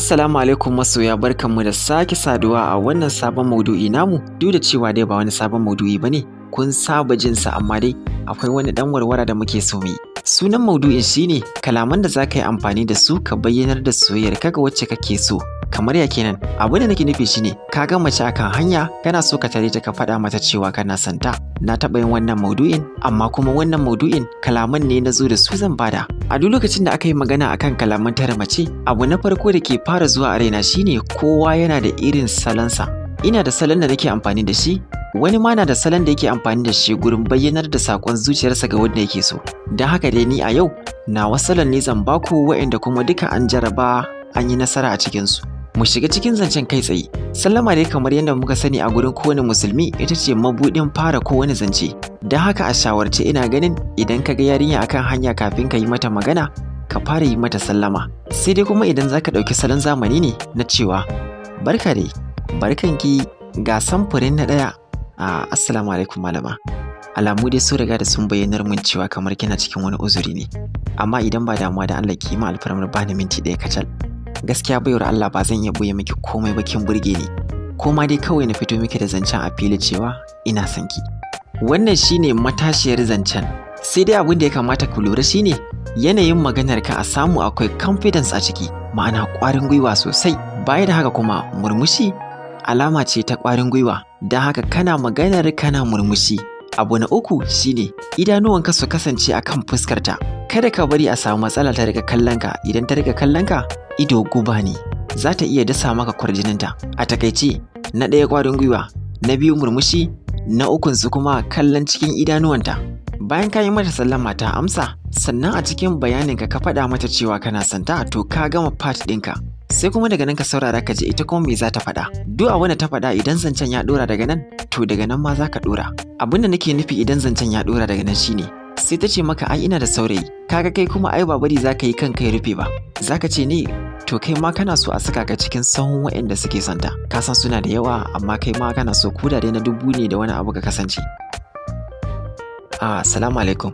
Assalamu alaikum masoya barkanmu da sake saduwa a wannan sabon maudu'i namu duk da cewa dai ba wani sabon maudu'i ba ne? kun saba jin sa amma dai akwai wani dan warwara da muke so mu sunan maudu'in shine kalaman da za ka yi amfani da su ka bayyanar da soyayyar kaga wacce kake so kamar ya kenan abu da nake nufi shine ka ga mace akan hanya kana so ka tare ta ka faɗa mata cewa kana santa na taɓa yin wannan maudu'in amma kuma wannan maudu'in kalaman ne na zo da su zan bada a duk lokacin da aka yi magana akan kalaman tare mace abu na farko da ke fara zuwa a raina shine kowa yana da irin salansa ina da salon da nake amfani da shi wani ma na da salon da yake amfani da shi gurin bayyanar da sakon zuciyarsa ga wanda yake so don haka dai ni a yau na wasu salon ne zan baku waɗanda kuma duka an jaraba an yi nasara a cikinsu mu shiga cikin zancen kai tsaye sallama dai kamar yadda muka sani a gurin kowane musulmi ita ce mabuɗin fara kowane zance don haka a shawarce ina ganin idan ka ga yarinya akan hanya kafin ka yi mata magana ka fara yi mata sallama sai dai kuma idan zaka ɗauki salon zamani ne na cewa barka dai ki, ga samfurin na ɗaya a assalamu alaikum malama alamu dai sun riga da sun bayyanar mun cewa kamar kina cikin wani uzuri ne amma idan ba damuwa da Allah ki ma alfarmar bani minti ɗaya kacal gaskiya baiwar Allah ba zan iya boye miki komai ba kin burge ni ko ma dai kawai na fito miki da zancen a fili cewa ina son ki wannan shine matashiyar zancen sai dai abin da ya kamata ku lura shine yanayin maganar ka a samu akwai confidence a ciki ma'ana ƙwarin gwiwa sosai baya da haka kuma murmushi alama ce ta ƙwarin gwiwa don haka kana maganar kana murmushi abu na uku shine idanuwanka su kasance akan fuskarta kada ka bari a samu matsala ta rika kallon ka idan ta rika kallon ka ido guba ne za ta iya dasa maka kwarjininta a takaice na ɗaya ƙwarin gwiwa na biyu murmushi na ukun su kuma kallon cikin idanuwanta bayan ka yi mata sallama ta amsa sannan a cikin bayaninka ka faɗa mata cewa kana santa to ka gama part ɗinka sai kuma daga nan ka saurara ka je ita kuma me za ta faɗa duk abin ta faɗa idan zancen ya ɗora daga nan to daga nan ma za ka ɗora abin da nake nufi idan zancen ya ɗora daga nan shine sai ta ce maka ai ina da saurayi kaga kai kuma ai ba bari za ka yi kanka ya rufe ba za ka ce ne to kai ma kana so a saka ka cikin sahun waɗanda suke santa ka san suna da yawa amma kai ma kana so ko dai na dubu ne da wani abu ka kasance assalamu alaikum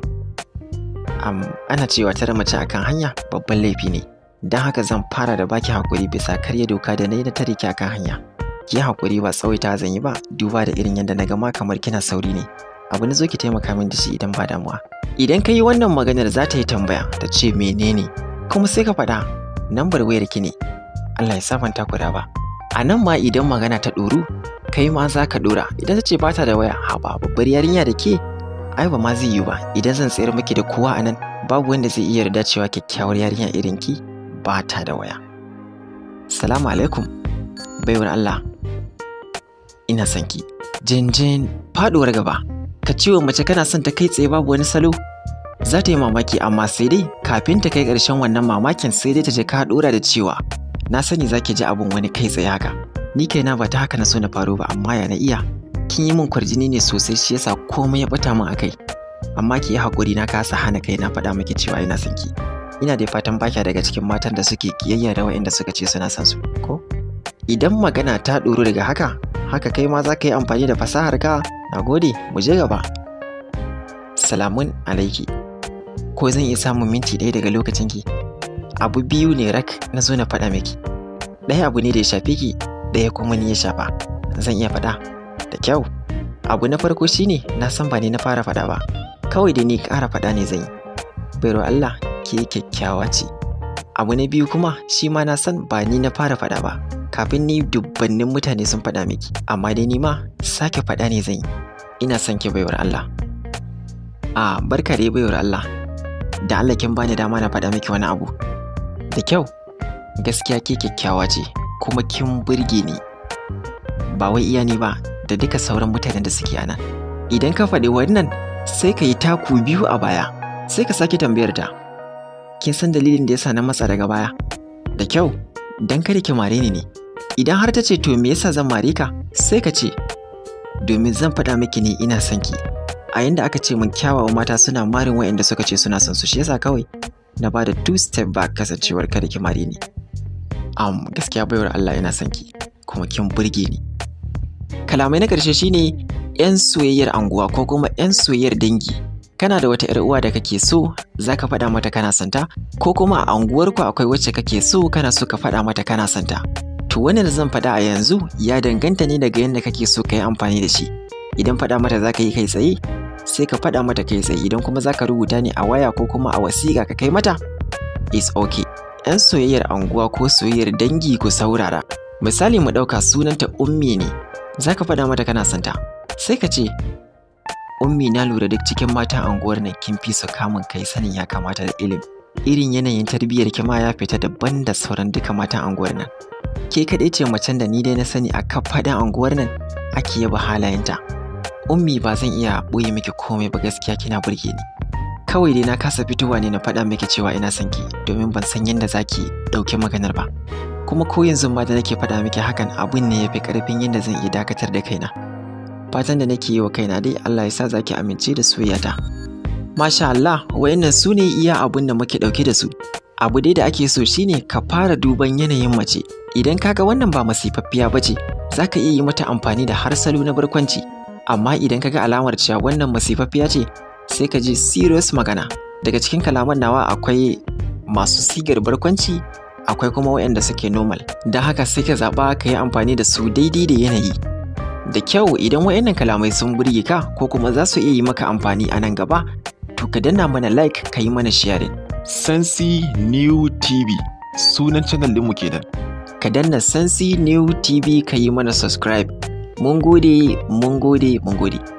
um, ana cewa tare mace akan hanya babban laifi ne don haka zan fara da baki hakuri bisa karya doka da na yi na tare ki akan hanya ki hakuri ba tsawaita zan yi ba duba da irin yadda na gama kamar kina sauri ne abu na zo ki taimaka min da shi idan ba damuwa idan ka yi wannan maganar za ta yi tambaya ta ce menene kuma sai ka faɗa nambar wayar ki ne Allah ya sabanta ku da ba a nan ma idan magana ta ɗoru kai ma za ka ɗora idan ta ce ba ta da waya ha ba babbar yarinya da ke ai ba ma zai yi ba idan zan tsayar miki da kowa a nan babu wanda zai iya yarda cewa kyakkyawar yarinya irin ki ba ta da waya salamu alaikum baiwar Allah ina son ki jinjin faɗuwar gaba ka ciwon mace kana son ta kai tsaye babu wani salo za ta yi mamaki amma sai dai kafin ta kai ƙarshen wannan mamakin sai dai ta je ka ɗora da cewa na sani za ki ji abin wani kai tsaye haka ni kaina ba ta haka na so na faru ba amma ya na iya kin yi min kwarjini ne sosai shi yasa komai ya bata min akai amma ki yi hakuri na kasa hana kai na faɗa miki cewa ina son ki ina da fatan baki daga cikin matan da suke kiyayya da waɗanda suka ce suna son su ko idan magana ta ɗoro daga haka haka kai ma za ka yi amfani da fasahar ka nagode mu je gaba salamun alaiki ko zan iya samun minti ɗaya daga lokacin ki abu biyu ne rak na zo na faɗa miki ɗaya abu ne da ya shafe ki ɗaya kuma ni ya shafa zan iya faɗa da kyau abu na farko shine na san ba ni na fara faɗa ba kawai da ni ƙara faɗa ne zan yi bairu Allah ke kyakkyawa ce abu na biyu kuma shi ma na san ba ni na fara faɗa ba kafin ni dubbannin mutane sun faɗa miki amma dai ni ma sake faɗa ne zan yi ina son ki baiwar Allah a ah, barka dai baiwar Allah da Allah kin bani dama na faɗa miki wani abu da kyau gaskiya ke kyakkyawa ce kuma kin burge ni ba wai iya ni ba da duka sauran mutanen da suke anan idan ka faɗi wannan sai ka yi taku biyu a baya sai ka sake tambayar ta kin san dalilin da yasa na matsa daga baya da kyau dan kada ki mare ni ne idan har ta ce to me yasa zan mare ka sai ka ce domin zan faɗa miki ne ina son ki a yanda aka ce min kyawawan mata suna marin wayanda suka ce suna son su shi yasa kawai na bada two step back kasancewar kada ki mare ni um, gaskiya baiwar Allah ina son ki kuma kin burge ni kalamai na karshe shine yan soyayyar anguwa ko kuma yan soyayyar dangi kana da wata 'yar uwa da kake so zaka faɗa mata kana santa ko kuma a anguwarku akwai wacce kake so kana so ka faɗa mata kana santa to wannan da zan faɗa a yanzu ya danganta ne daga yadda kake so ka yi amfani da shi idan faɗa mata za ka yi kai tsaye sai ka faɗa mata kai tsaye idan kuma za ka rubuta ne a waya ko kuma a wasiƙa ka kai mata is okay 'yan soyayyar anguwa ko soyayyar dangi ku saurara misali mu ɗauka sunanta ummi ne za ka faɗa mata kana santa sai ka ce ummi na lura duk cikin matan anguwar nan kin fi su kamun kai sanin ya kamata da ilim irin yanayin tarbiyyar ki ma ya fita daban da sauran duka matan anguwar nan ke kaɗai ce macen da ni dai na sani a kan faɗin anguwar nan ake yaba halayenta Ummi ba zan iya ɓoye miki komai ba gaskiya kina burge ni. Kawai dai na kasa fitowa ne na faɗa miki cewa ina son ki domin ban san yadda zaki ɗauki maganar ba. Kuma ko yanzu ma da nake faɗa miki hakan abin ne ya fi ƙarfin yadda zan iya dakatar da kaina. Fatan da nake yi wa kaina dai Allah ya sa zaki amince da soyayyata. Masha Allah, wayannan su ne iya abin da muke ɗauke da su. Abu dai da ake so shine ka fara duban yanayin mace. Idan kaga wannan ba masifaffiya ba ce, za ka iya yi mata amfani da har salo na barkwanci. amma idan ka ga alamar cewa wannan masifaffiya ce sai ka ji serious magana daga cikin kalaman nawa akwai masu sigar barkwanci akwai kuma waɗanda suke normal don haka sai ka zaɓa ka yi amfani da su daidai da yanayi da kyau idan waɗannan kalamai sun burge ka ko kuma za su iya yi maka amfani a nan gaba to ka danna mana like ka yi mana sharing Sensi New TV sunan channel mu kenan ka danna sansi New TV ka yi mana subscribe Mun gode, mun gode, mun gode.